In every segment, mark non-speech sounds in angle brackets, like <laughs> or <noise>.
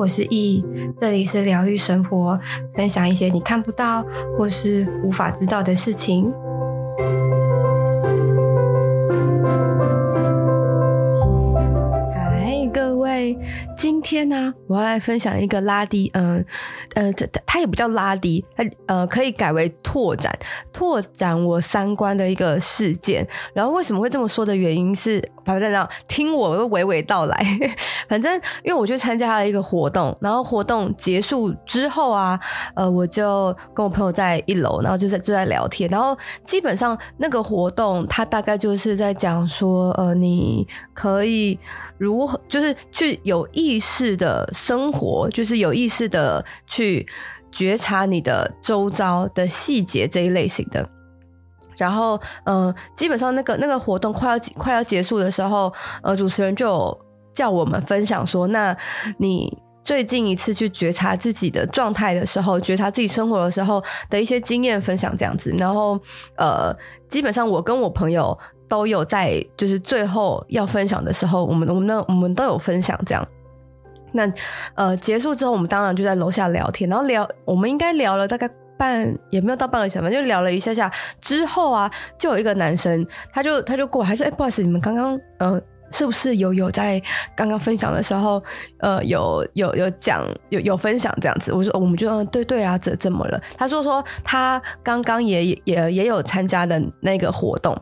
我是意，這裡是療癒生活，分享一些你看不到或是無法知道的事情。嗨，各位，今天呢、啊，我要來分享一個拉低，嗯、呃，呃，它它也不叫拉低，它呃可以改為拓展，拓展我三觀的一個事件。然後為什麼會這麼說的原因是。還在那聽我娓娓道來，反正因為我去參加了一個活動，然後活動結束之後啊，呃，我就跟我朋友在一樓，然後就在就在聊天，然後基本上那個活動它大概就是在講說，呃，你可以如何就是去有意識的生活，就是有意識的去覺察你的周遭的細節這一類型的。然後，呃，基本上那個那個活動快要快要結束的時候，呃，主持人就有叫我們分享說，那你最近一次去覺察自己的狀態的時候，覺察自己生活的時候的一些經驗分享這樣子。然後，呃，基本上我跟我朋友都有在，就是最後要分享的時候，我們我們呢我們都有分享這樣。那，呃，結束之後，我們當然就在樓下聊天，然後聊，我們應該聊了大概。半，也沒有到半個小時，就聊了一下下，之後啊，就有一個男生，他就他就過來，來說，哎、欸、不好意思，你們剛剛呃是不是有有在剛剛分享的時候呃有有有講有有分享這樣子？我說、哦、我們就、嗯、對對啊，怎怎麼了？他說說他剛剛也也也有參加的那個活動。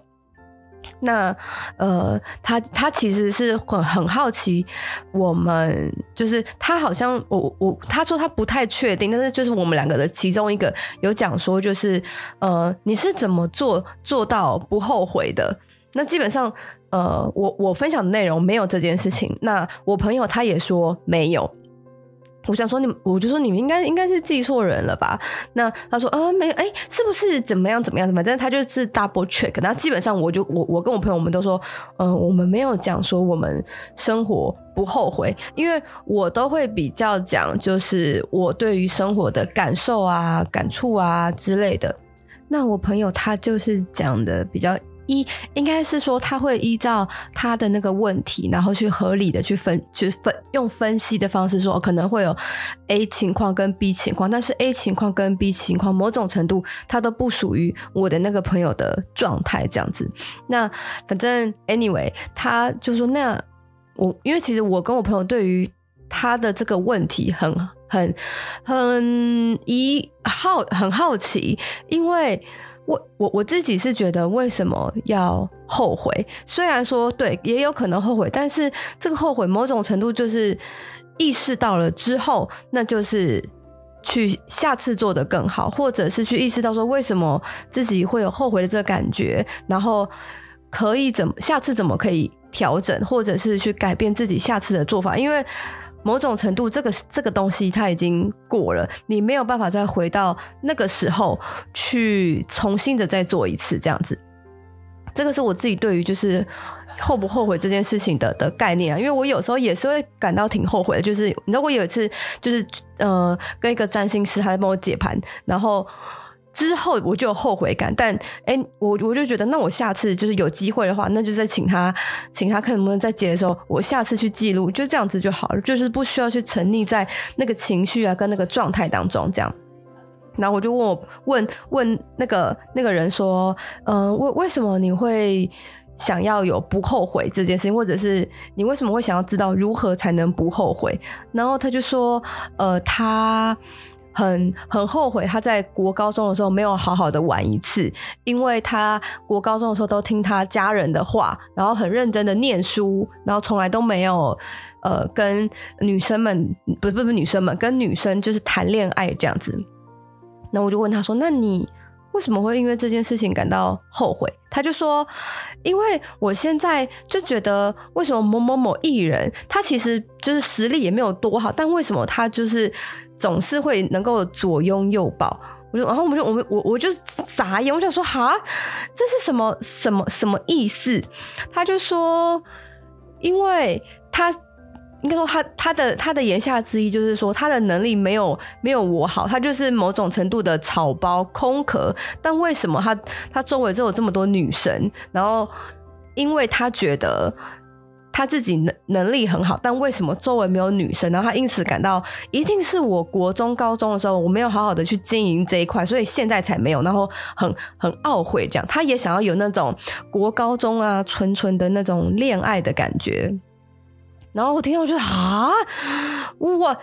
那，呃，他他其實是很很好奇，我們就是他好像我我他說他不太確定，但是就是我們兩個的其中一個有講說就是，呃，你是怎麼做做到不後悔的？那基本上，呃，我我分享的內容沒有這件事情，那我朋友他也說沒有。我想說你我就說你們應該應該是記錯人了吧？那他說啊、呃，沒有，哎，是不是怎麼樣怎麼樣怎麼樣，但是他就是 double check。那基本上我就我我跟我朋友我們都說，嗯、呃，我們沒有講說我們生活不後悔，因為我都會比較講，就是我對於生活的感受啊、感觸啊之類的。那我朋友他就是講的比較。一應該是說他會依照他的那個問題，然後去合理的去分，去分用分析的方式說可能會有 A 情況跟 B 情況，但是 A 情況跟 B 情況某種程度他都不屬於我的那個朋友的狀態這樣子。那反正 anyway，他就說那我因為其實我跟我朋友對於他的這個問題很很很一好很好奇，因為。我我我自己是覺得為什麼要後悔？雖然說對，也有可能後悔，但是這個後悔某種程度就是意識到了之後，那就是去下次做得更好，或者是去意識到說為什麼自己會有後悔的這個感覺，然後可以怎麼下次怎麼可以調整，或者是去改變自己下次的做法，因為。某種程度，這個這個東西它已經過了，你沒有辦法再回到那個時候去重新的再做一次這樣子。這個是我自己對於就是後不後悔這件事情的的概念啊，因為我有時候也是會感到挺後悔的，就是你知道我有一次就是呃跟一個占星師他在幫我解盤，然後。之後我就有後悔感，但誒、欸，我我就覺得，那我下次就是有機會的話，那就再請他，請他看能不能再接的時候，我下次去記錄，就這樣子就好了，就是不需要去沉溺在那個情緒啊跟那個狀態當中。這樣，然後我就問我問問那個那個人說，嗯、呃，為為什麼你會想要有不後悔這件事情，或者是你為什麼會想要知道如何才能不後悔？然後他就說，呃，他。很很後悔，他在國高中的時候沒有好好的玩一次，因為他國高中的時候都聽他家人的話，然後很認真的念書，然後從來都沒有呃跟女生們，不不是女生們，跟女生就是談戀愛這樣子。那我就問他說：“那你？”為什麼會因為這件事情感到後悔？他就說：“因為我現在就覺得，為什麼某某某藝人，他其實就是實力也沒有多好，但為什麼他就是總是會能夠左擁右抱？”我就然後我們就我們我我就傻眼，我想說，哈，這是什麼什麼什麼意思？”他就說：“因為他。”應該說他，他他的他的言下之意就是說，他的能力沒有沒有我好，他就是某種程度的草包、空殼。但為什麼他他周圍就有這麼多女神？然後，因為他覺得他自己能能力很好，但為什麼周圍沒有女生？然後他因此感到，一定是我國中高中的時候，我沒有好好的去經營這一塊，所以現在才沒有。然後很很懊悔這樣，他也想要有那種國高中啊，純純的那種戀愛的感覺。然後我聽到就，我覺得啊，我我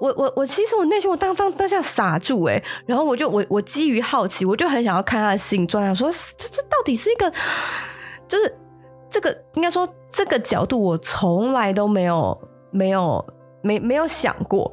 我我我，其實我內心我當當當下傻住誒，然後我就我我基於好奇，我就很想要看他的形狀，說這這到底是一個，就是這個應該說這個角度我從來都沒有沒有沒沒有想過，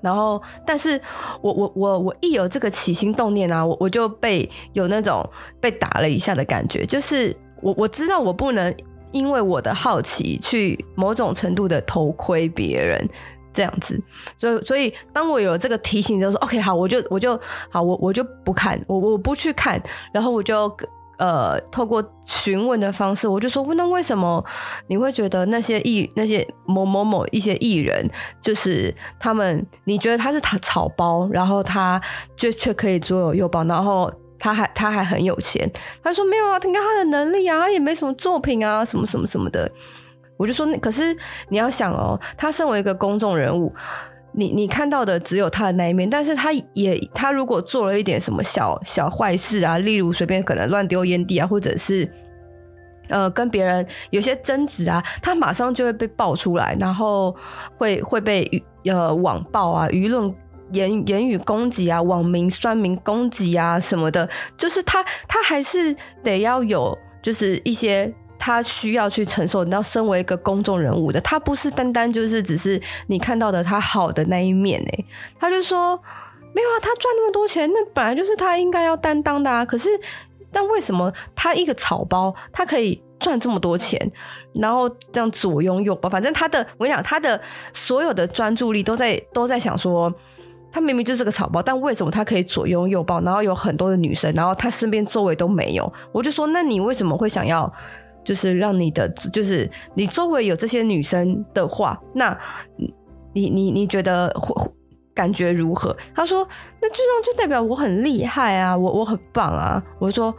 然後但是我我我我一有這個起心動念啊，我我就被有那種被打了一下的感覺，就是我我知道我不能。因為我的好奇，去某種程度的偷窺別人這樣子，所以所以當我有這個提醒，就說 OK 好，我就我就好，我我就不看，我我不去看，然後我就呃透過詢問的方式，我就說問，那為什麼你會覺得那些藝那些某某某一些藝人，就是他們你覺得他是他草包，然後他就卻可以左擁右抱，然後。他還他還很有錢，他說沒有啊，看看他的能力啊，也沒什麼作品啊，什麼什麼什麼的。我就說那，可是你要想哦、喔，他身為一個公眾人物，你你看到的只有他的那一面，但是他也他如果做了一點什麼小小壞事啊，例如隨便可能亂丟菸蒂啊，或者是呃跟別人有些爭執啊，他馬上就會被爆出來，然後會會被呃網暴啊，輿論。言言語攻擊啊，網民、酸民攻擊啊，什麼的，就是他，他還是得要有，就是一些他需要去承受。你要身為一個公眾人物的，他不是單單就是只是你看到的他好的那一面哎、欸，他就說沒有啊，他賺那麼多錢，那本來就是他應該要擔當的啊。可是，但為什麼他一個草包，他可以賺這麼多錢，然後這樣左擁右抱，反正他的我跟你講，他的所有的專注力都在都在想說。他明明就是個草包，但為什麼他可以左擁右抱，然後有很多的女生，然後他身邊周圍都沒有？我就說，那你為什麼會想要，就是讓你的，就是你周圍有這些女生的話，那你你你覺得感覺如何？他說，那這樣就代表我很厲害啊，我我很棒啊。我就說，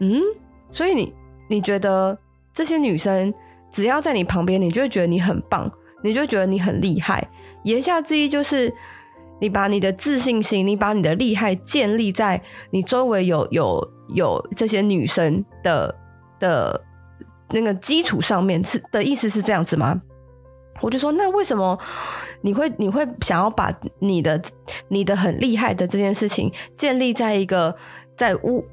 嗯，所以你你覺得這些女生只要在你旁邊，你就會覺得你很棒，你就會覺得你很厲害。言下之意就是。你把你的自信心，你把你的厲害建立在你周圍有有有這些女生的的那個基礎上面是，是的意思是這樣子嗎？我就說，那為什麼你會你會想要把你的你的很厲害的這件事情建立在一個在屋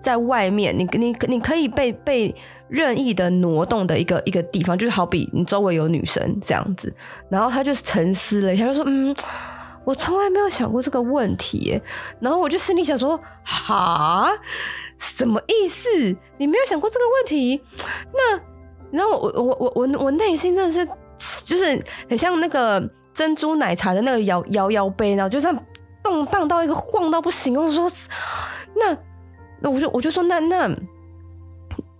在外面，你你你可以被被任意的挪動的一個一個地方，就是好比你周圍有女生這樣子。然後他就是沉思了一下，就說嗯。我從來沒有想過這個問題，然後我就心裡想說：“哈，什麼意思？你沒有想過這個問題？那，然後我我我我我內心真的是，就是很像那個珍珠奶茶的那個搖搖搖杯，然後就這樣動盪到一個晃到不行。”我說：“那那，我就我就說那那。那”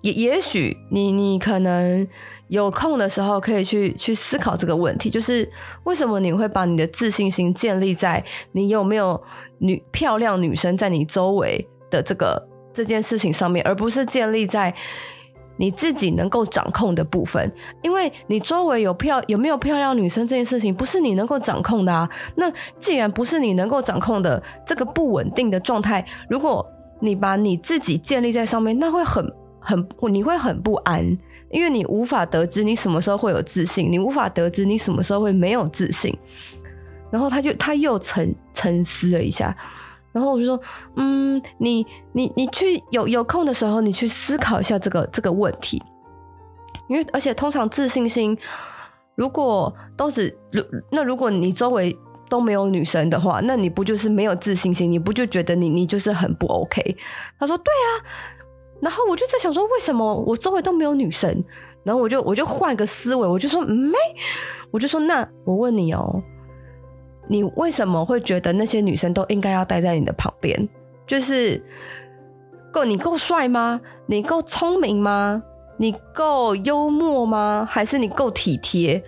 也也許你你可能有空的時候可以去去思考這個問題，就是為什麼你會把你的自信心建立在你有沒有女漂亮女生在你周圍的這個這件事情上面，而不是建立在你自己能夠掌控的部分？因為你周圍有漂有沒有漂亮女生這件事情不是你能夠掌控的啊。那既然不是你能夠掌控的，這個不穩定的狀態，如果你把你自己建立在上面，那會很。很你會很不安，因為你無法得知你什麼時候會有自信，你無法得知你什麼時候會沒有自信。然後他就他又沉沉思了一下，然後我就說：“嗯，你你你去有有空的時候，你去思考一下這個這個問題。因為而且通常自信心如果都是如那如果你周圍都沒有女生的話，那你不就是沒有自信心？你不就覺得你你就是很不 OK？” 他說：“對啊。”然後我就在想說，為什麼我周圍都沒有女生？然後我就我就換個思維，我就說沒，我就說那我問你哦，你為什麼會覺得那些女生都應該要待在你的旁邊？就是夠你夠帥嗎？你夠聰明嗎？你夠幽默嗎？還是你夠體貼？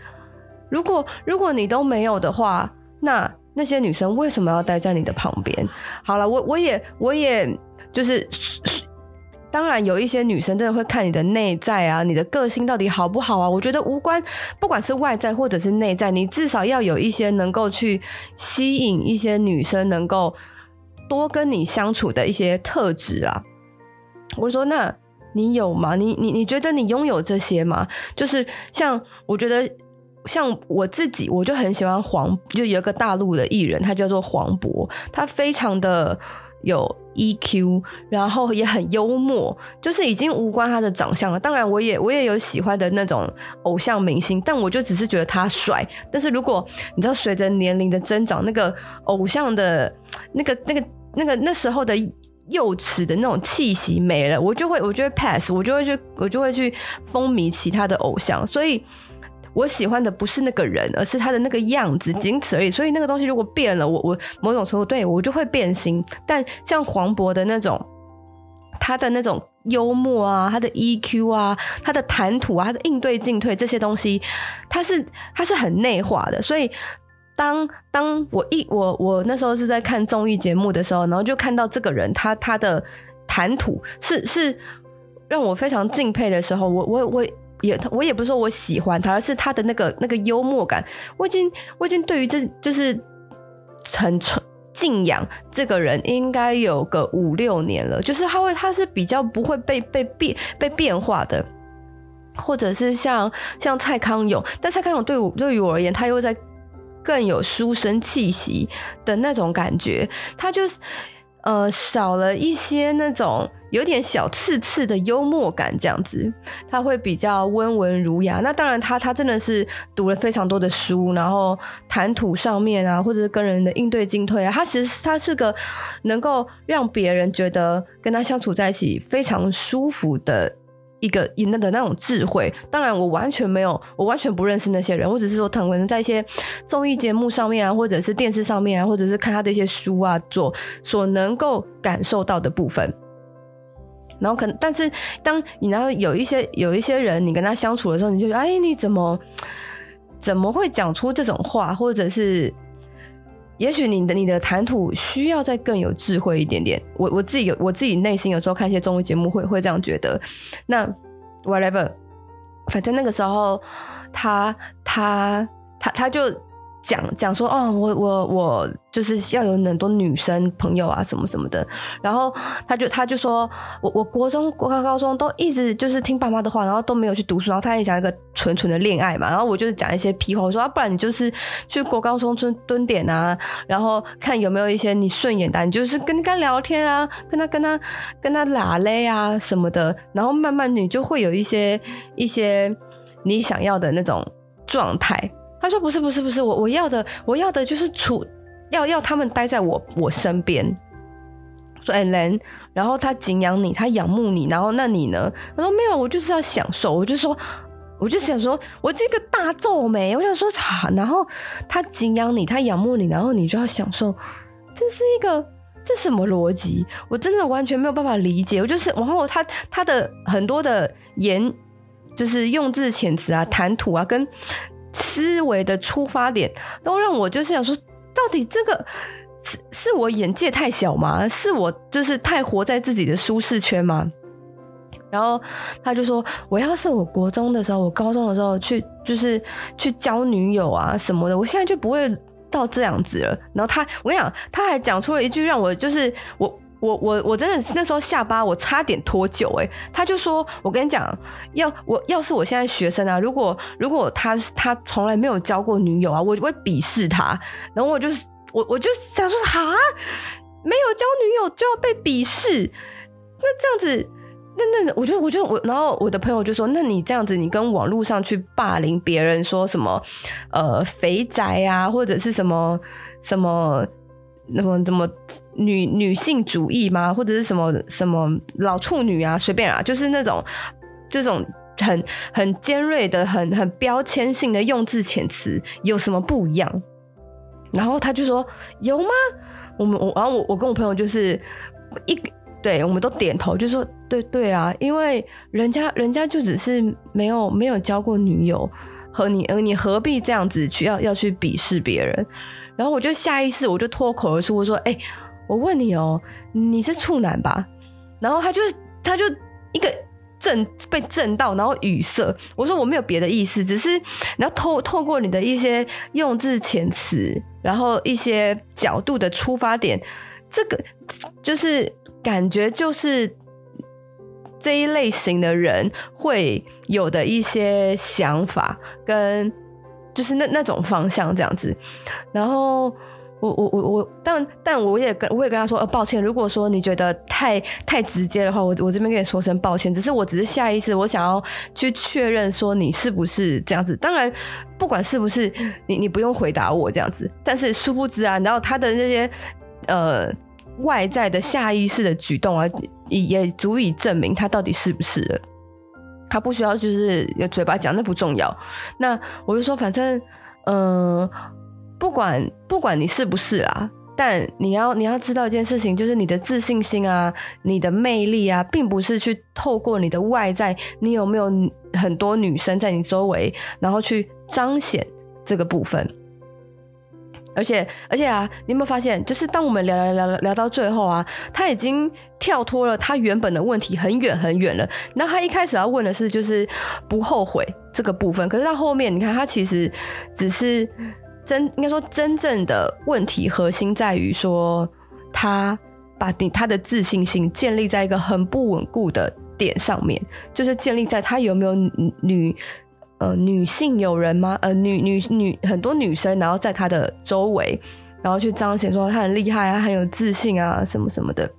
如果如果你都沒有的話，那那些女生為什麼要待在你的旁邊？好了，我我也我也就是。 <laughs> 當然有一些女生真的會看你的內在啊，你的個性到底好不好啊？我覺得無關，不管是外在或者是內在，你至少要有一些能夠去吸引一些女生，能夠多跟你相處的一些特質啊。我說，那你有嗎？你你你覺得你擁有這些嗎？就是像我覺得，像我自己，我就很喜歡黃，就有一個大陸的藝人，他叫做黃渤，他非常的有。EQ，然後也很幽默，就是已經無關他的長相了。當然，我也我也有喜歡的那種偶像明星，但我就只是覺得他帥。但是如果你知道，隨着年齡的增長，那個偶像的、那個、那個、那個那時候的幼稚的那種氣息沒了，我就會，我就會 pass，我就會去，我就會去風靡其他的偶像，所以。我喜歡的不是那個人，而是他的那個樣子，僅此而已。所以那個東西如果變了，我我某種程度對我就會變心。但像黃渤的那種，他的那種幽默啊，他的 EQ 啊，他的談吐啊，他的應對進退這些東西，他是他是很內化的。所以當當我一我我那時候是在看綜藝節目的時候，然後就看到這個人，他他的談吐是是讓我非常敬佩的時候，我我我。我也，我也不是說我喜歡他，而是他的那個那個幽默感，我已經我已經對於這就是很敬仰這個人，應該有個五六年了。就是他會，他是比較不會被被變被變化的，或者是像像蔡康永，但蔡康永對我對於我而言，他又在更有書生氣息的那種感覺，他就是。呃，少了一些那種有點小刺刺的幽默感，這樣子他會比較溫文儒雅。那當然，他他真的是讀了非常多的書，然後談吐上面啊，或者是跟人的應對進退啊，他其實他是個能夠讓別人覺得跟他相處在一起非常舒服的。一個伊的那種智慧，當然我完全沒有，我完全不認識那些人，或者是說，聽聞在一些綜藝節目上面啊，或者是電視上面啊，或者是看他的一些書啊，做所能夠感受到的部分。然後可能，但是當你然後有一些有一些人，你跟他相處的時候，你就哎，欸、你怎麼怎麼會講出這種話，或者是？也許你的你的談吐需要再更有智慧一點點。我我自己有我自己內心有時候看一些綜藝節目會會這樣覺得。那 whatever，反正那個時候他他他他就。講講說哦，我我我就是要有很多女生朋友啊，什麼什麼的。然後他就他就說，我我國中國高高中都一直就是聽爸媽的話，然後都沒有去讀書，然後他也想一個純純的戀愛嘛。然後我就是講一些屁話，我說啊，不然你就是去國高中蹲蹲點啊，然後看有沒有一些你順眼的，你就是跟他聊天啊，跟他跟他跟他拉嘞啊什麼的，然後慢慢你就會有一些一些你想要的那種狀態。他說：“不是，不是，不是，我我要的，我要的就是處，要要他們待在我我身邊，說愛人。然後他敬仰你，他仰慕你。然後那你呢？他說沒有，我就是要享受。我就說，我就想說，我這個大皺眉，我想說，哈、啊。然後他敬仰你，他仰慕你，然後你就要享受，這是一個這是什麼邏輯？我真的完全沒有辦法理解。我就是，然後他他的很多的言，就是用字遣詞啊，談吐啊，跟。”思維的出發點都讓我就是想說，到底這個是是我眼界太小嗎？是我就是太活在自己的舒適圈嗎？然後他就說，我要是我國中的時候，我高中的時候去就是去交女友啊什麼的，我現在就不會到這樣子了。然後他，我跟你講，他還講出了一句讓我就是我。我我我真的是那時候下巴我差點脫臼，哎、欸，他就說，我跟你講，要我要是我現在學生啊，如果如果他他從來沒有交過女友啊，我就會鄙視他。然後我就是我我就想說哈，沒有交女友就要被鄙視？那這樣子，那那我就我就我，然後我的朋友就說，那你這樣子，你跟網絡上去霸凌別人說什麼呃肥宅啊，或者是什麼什麼。那麼怎麼，怎麼女女性主義嗎？或者是什麼什麼老處女啊？隨便啊，就是那種這種很很尖銳的、很很標籤性的用字遣詞，有什麼不一樣？然後他就說有嗎？我們然後我我跟我朋友就是一對，我們都點頭，就說對對啊，因為人家人家就只是沒有沒有交過女友，和你你何必這樣子去要要去鄙視別人？然後我就下意識，我就脫口而出，我說：“哎、欸，我問你哦，你是處男吧？”然後他就他就一個震，被震到，然後語塞。我說：“我沒有別的意思，只是，然後透透過你的一些用字遣詞，然後一些角度的出發點，這個就是感覺就是這一類型的人會有的一些想法跟。”就是那那種方向這樣子，然後我我我我，但但我也跟我也跟他說，呃，抱歉，如果說你覺得太太直接的話，我我這邊跟你說聲抱歉，只是我只是下意識，我想要去確認說你是不是這樣子。當然，不管是不是，你你不用回答我這樣子。但是殊不知啊，然後他的那些呃外在的下意識的舉動啊，也也足以證明他到底是不是。他不需要，就是有嘴巴講，那不重要。那我就說，反正，嗯、呃，不管不管你是不是啦，但你要你要知道一件事情，就是你的自信心啊，你的魅力啊，並不是去透過你的外在，你有沒有很多女生在你周圍，然後去彰顯這個部分。而且，而且啊，你有沒有發現，就是當我們聊聊聊聊到最後啊，他已經跳脫了他原本的問題很遠很遠了。然後他一開始要問的是，就是不後悔這個部分。可是到後面，你看他其實只是真應該說，真正的問題核心在於說，他把他的自信心建立在一個很不穩固的點上面，就是建立在他有沒有女。呃，女性有人嗎？呃，女女女很多女生，然後在他的周圍，然後去彰顯說他很厲害啊，很有自信啊，什麼什麼的。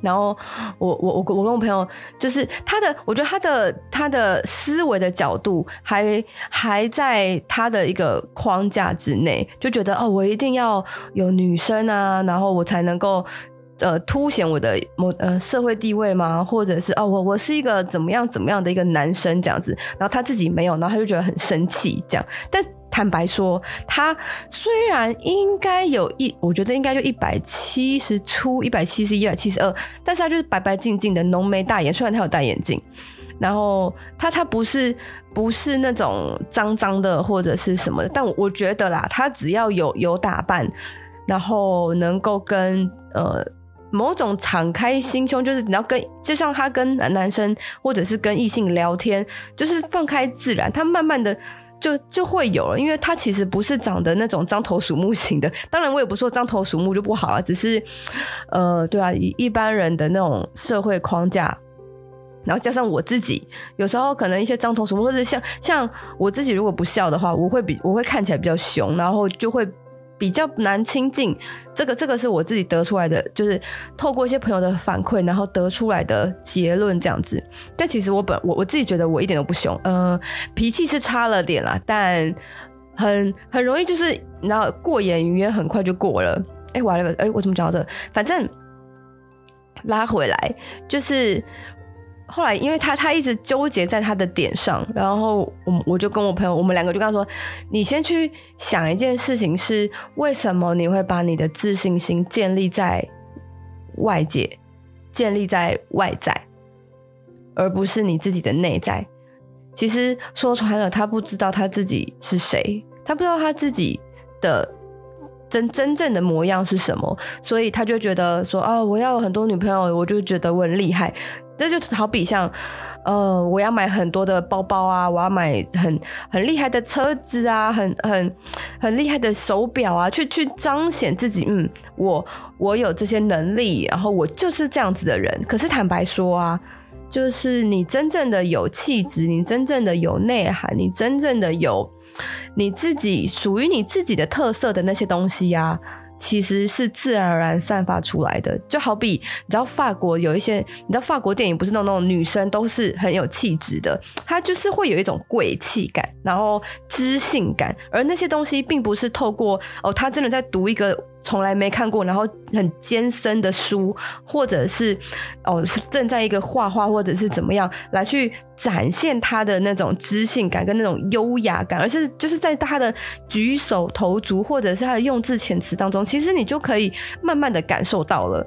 然後我我我我跟我朋友，就是他的，我覺得他的他的思維的角度還還在他的一個框架之內，就覺得哦，我一定要有女生啊，然後我才能夠。呃，凸顯我的某呃社會地位嗎？或者是哦，我我是一個怎麼樣怎麼樣的一個男生這樣子？然後他自己沒有，然後他就覺得很生氣這樣。但坦白說，他雖然應該有一，我覺得應該就一百七十出，一百七十一一百七十二，但是他就是白白淨淨的，濃眉大眼，雖然他有戴眼鏡，然後他他不是不是那種髒髒的或者是什麼的，但我覺得啦，他只要有有打扮，然後能夠跟呃。某種敞開心胸，就是你要跟，就像他跟男，男生或者是跟異性聊天，就是放開自然，他慢慢的就就會有了。因為他其實不是長得那種獐頭鼠目型的，當然我也不說獐頭鼠目就不好啊，只是呃，對啊，一一般人的那種社會框架，然後加上我自己，有時候可能一些獐頭鼠目，或者像像我自己如果不笑的話，我會比我會看起來比較凶，然後就會。比較難親近，這個這個是我自己得出來的，就是透過一些朋友的反饋，然後得出來的結論這樣子。但其實我本我我自己覺得我一點都不凶，嗯、呃，脾氣是差了點啦，但很很容易就是然後過眼雲煙很快就過了。哎、欸，我還，哎、欸，我怎麼講到這個？反正拉回來就是。後來，因為他他一直糾結在他的點上，然後我我就跟我朋友，我們兩個就跟他說：“你先去想一件事情，是為什麼你會把你的自信心建立在外界，建立在外在，而不是你自己的內在？其實說穿了，他不知道他自己是誰，他不知道他自己的真真正的模樣是什麼，所以他就覺得說，哦，我要有很多女朋友，我就覺得我很厲害。”這就好比像，呃，我要買很多的包包啊，我要買很很厲害的車子啊，很很很厲害的手錶啊，去去彰顯自己，嗯，我我有這些能力，然後我就是這樣子的人。可是坦白說啊，就是你真正的有氣質，你真正的有內涵，你真正的有你自己屬於你自己的特色的那些東西呀、啊。其實是自然而然散發出來的，就好比你知道法國有一些，你知道法國電影不是那種女生都是很有氣質的，她就是會有一種貴氣感，然後知性感，而那些東西並不是透過哦，她真的在讀一個。從來沒看過，然後很艱深的書，或者是哦正在一個畫畫，或者是怎麼樣來去展現他的那種知性感跟那種優雅感，而是就是在他的舉手投足或者是他的用字遣詞當中，其實你就可以慢慢的感受到了。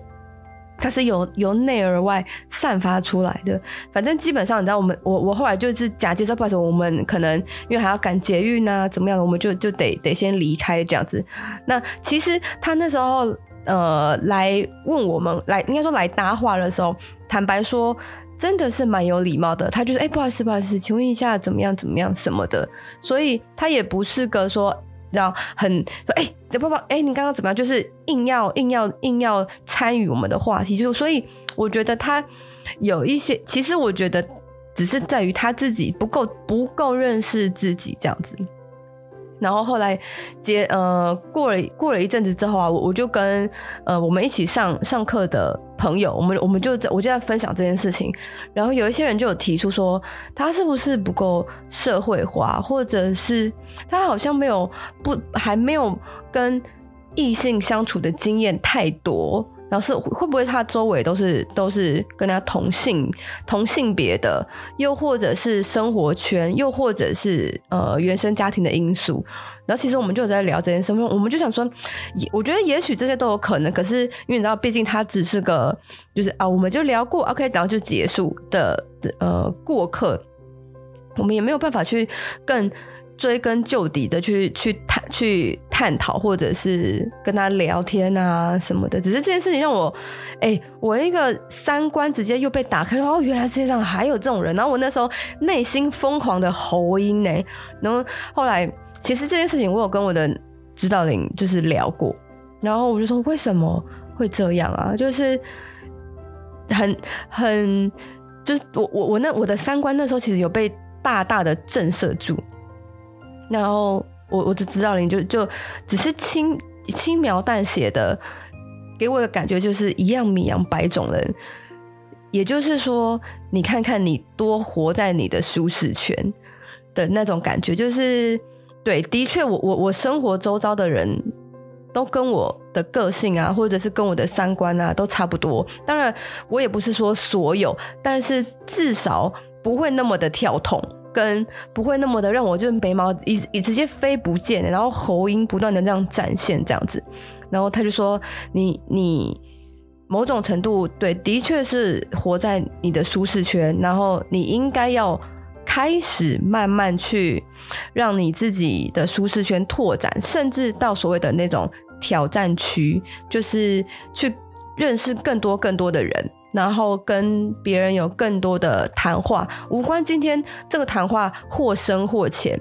它是由由內而外散發出來的，反正基本上你知道我，我們我我後來就是假接受，不好意思，我們可能因為還要趕捷運呢，怎麼樣的，我們就就得得先離開這樣子。那其實他那時候呃來問我們來，應該說來搭話的時候，坦白說真的是蠻有禮貌的，他就是哎、欸，不好意思，不好意思，請問一下怎麼樣，怎麼樣什麼的，所以他也不是個說。然後很說哎，爸爸哎，你剛剛怎麼樣？就是硬要硬要硬要參與我們的話題，就所以我覺得他有一些，其實我覺得只是在於他自己不夠不夠認識自己這樣子。然後後來接，呃過了過了一陣子之後啊，我我就跟呃我們一起上上課的朋友，我們我們就在我就在分享這件事情，然後有一些人就有提出說，他是不是不夠社會化，或者是他好像沒有不還沒有跟異性相處的經驗太多，然後是會不會他周圍都是都是跟他同性同性別的，又或者是生活圈，又或者是呃原生家庭的因素。然後其實我們就有在聊這件事情，我們就想說，我覺得也許這些都有可能，可是因為你知道，畢竟他只是個，就是啊，我們就聊過，OK，然後就結束的呃過客，我們也沒有辦法去更追根究底的去去探去探討，或者是跟他聊天啊什麼的。只是這件事情讓我，哎、欸，我一個三觀直接又被打開了哦，原來世界上還有這種人。然後我那時候內心瘋狂的喉音呢，然後後來。其實這件事情我有跟我的指導靈就是聊過，然後我就說，為什麼會這樣啊？就是很很就是我我我那我的三觀那時候其實有被大大的震懾住，然後我我我的指導靈就就只是輕輕描淡寫的給我的感覺就是一樣米養百種人，也就是說你看看你多活在你的舒適圈的那種感覺就是。對，的確我，我我我生活周遭的人都跟我的個性啊，或者是跟我的三觀啊，都差不多。當然，我也不是說所有，但是至少不會那麼的跳痛，跟不會那麼的讓我就是眉毛一一直接飛不見，然後喉音不斷的這樣展現這樣子。然後他就說，你你某種程度對，的確是活在你的舒適圈，然後你應該要。開始慢慢去讓你自己的舒適圈拓展，甚至到所謂的那種挑戰區，就是去認識更多更多的人，然後跟別人有更多的談話，無關今天這個談話或深或淺。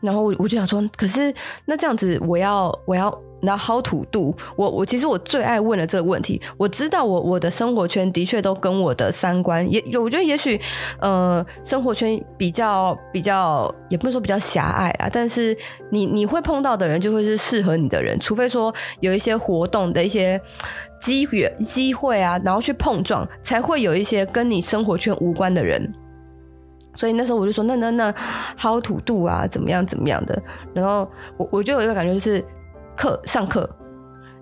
然後我我就想說，可是那這樣子我，我要我要。那好土度，我我其實我最愛問的這個問題。我知道我我的生活圈的確都跟我的三觀也，我覺得也許呃生活圈比較比較，也不是說比較狹隘啊，但是你你會碰到的人就會是適合你的人，除非說有一些活動的一些機緣機會啊，然後去碰撞才會有一些跟你生活圈無關的人。所以那時候我就說，那那那好土度啊，怎麼樣怎麼樣的？然後我我就有一個感覺就是。課上課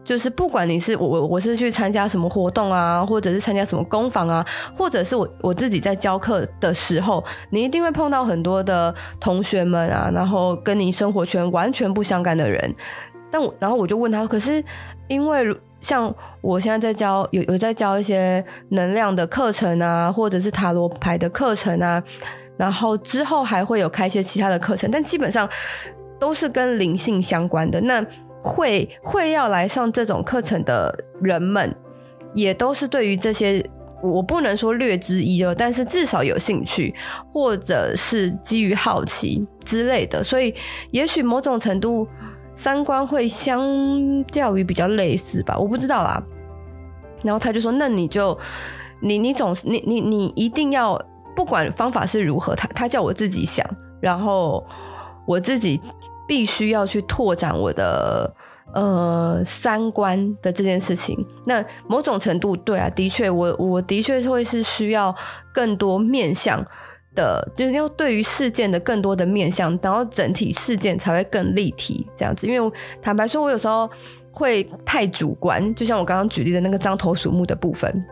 就是不管你是我我是去參加什麼活動啊，或者是參加什麼工坊啊，或者是我我自己在教課的時候，你一定會碰到很多的同學們啊，然後跟你生活圈完全不相干的人。但我然後我就問他，可是因為像我現在在教有有在教一些能量的課程啊，或者是塔羅牌的課程啊，然後之後還會有開一些其他的課程，但基本上都是跟靈性相關的。那會會要來上這種課程的人們，也都是對於這些我不能說略知一二，但是至少有興趣，或者是基於好奇之類的。所以也許某種程度三觀會相較於比較類似吧，我不知道啦。然後他就說：“那你就你你總是你你你一定要不管方法是如何，他他叫我自己想，然後我自己。”必須要去拓展我的呃三觀的這件事情，那某種程度對啊，的確，我我的確是會是需要更多面向的，就是要對於事件的更多的面向，然後整體事件才會更立體這樣子。因為我坦白說，我有時候會太主觀，就像我剛剛舉例的那個獐頭鼠目的部分。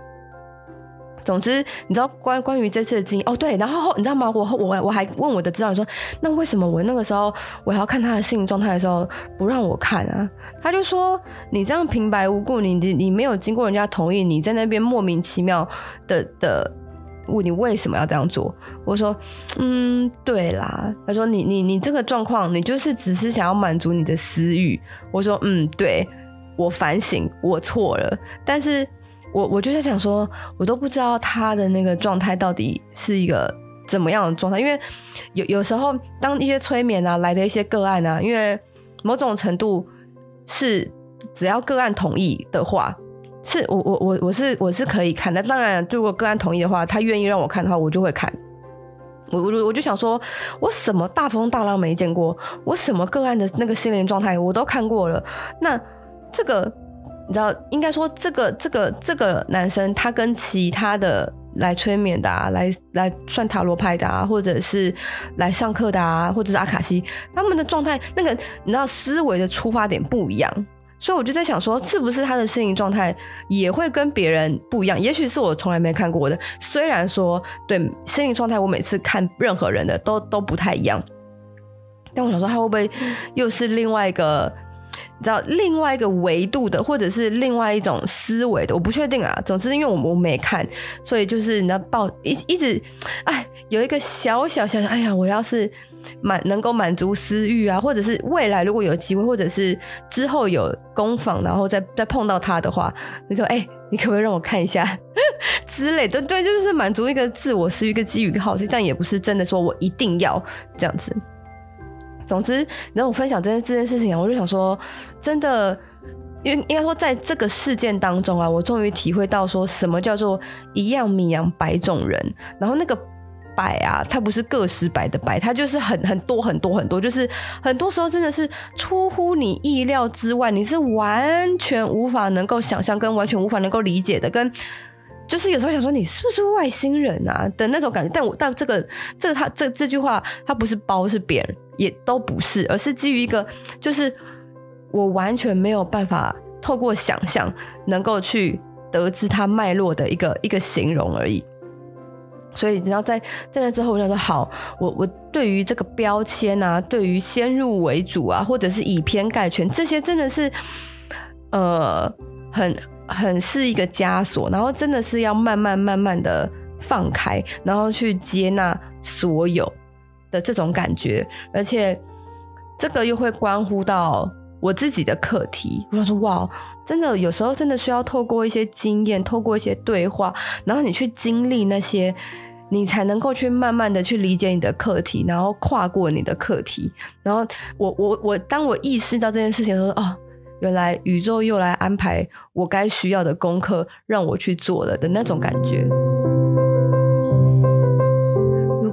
總之，你知道關關於這次的經歷哦，對，然後後你知道嗎？我我我還問我的指導說，那為什麼我那個時候我要看他的心理狀態的時候不讓我看啊？他就說，你這樣平白無故，你你你沒有經過人家同意，你在那邊莫名其妙的的問，你為什麼要這樣做？我說嗯，對啦。他說你你你這個狀況，你就是只是想要滿足你的私欲。我說嗯，對，我反省，我錯了，但是。我我就是在想說，我都不知道他的那個狀態到底是一個怎麼樣的狀態，因為有有時候當一些催眠啊來的一些個案啊，因為某種程度是只要個案同意的話，是我我我我是我是可以看的。當然，如果個案同意的話，他願意讓我看的話，我就會看。我我我就想說，我什麼大風大浪沒見過，我什麼個案的那個心靈狀態我都看過了，那這個。你知道，應該說這個這個這個男生，他跟其他的來催眠的啊，來來算塔羅牌的啊，或者是來上課的啊，或者是阿卡西，他們的狀態，那個你知道思維的出發點不一樣，所以我就在想說，是不是他的心靈狀態也會跟別人不一樣？也許是我從來沒看過的，雖然說對心靈狀態，我每次看任何人的都都不太一樣，但我想說，他會不會又是另外一個？你知道另外一個維度的，或者是另外一種思維的，我不確定啊。總之，因為我我沒看，所以就是那抱一一直，哎，有一個小小小小，哎呀，我要是滿能夠滿足私欲啊，或者是未來如果有機會，或者是之後有工坊，然後再再碰到他的話，你說哎，你可不可以讓我看一下 <laughs> 之類的？對，就是滿足一個自我私欲，一個機遇一個好奇，但也不是真的說我一定要這樣子。總之，然後我分享這件這件事情啊，我就想說，真的，應應該說，在這個事件當中啊，我終於體會到，說什麼叫做一樣米養百種人。然後那個百啊，它不是個十百的百，它就是很很多很多很多，就是很多時候真的是出乎你意料之外，你是完全無法能夠想象，跟完全無法能夠理解的，跟就是有時候想說，你是不是外星人啊的那種感覺？但我但這個這個他這這句話，他不是褒是貶。也都不是，而是基於一個，就是我完全沒有辦法透過想象能夠去得知它脈絡的一個一個形容而已。所以，你知道在在那之後，我就想說，好，我我對於這個標籤啊，對於先入為主啊，或者是以偏概全，這些真的是，呃，很很是一個枷鎖。然後，真的是要慢慢慢慢的放開，然後去接納所有的這種感覺，而且這個又會關乎到我自己的課題。我想說，哇，真的有時候真的需要透過一些經驗，透過一些對話，然後你去經歷那些，你才能夠去慢慢的去理解你的課題，然後跨過你的課題。然後我我我，當我意識到這件事情的時候，哦，原來宇宙又來安排我該需要的功課，讓我去做了的那種感覺。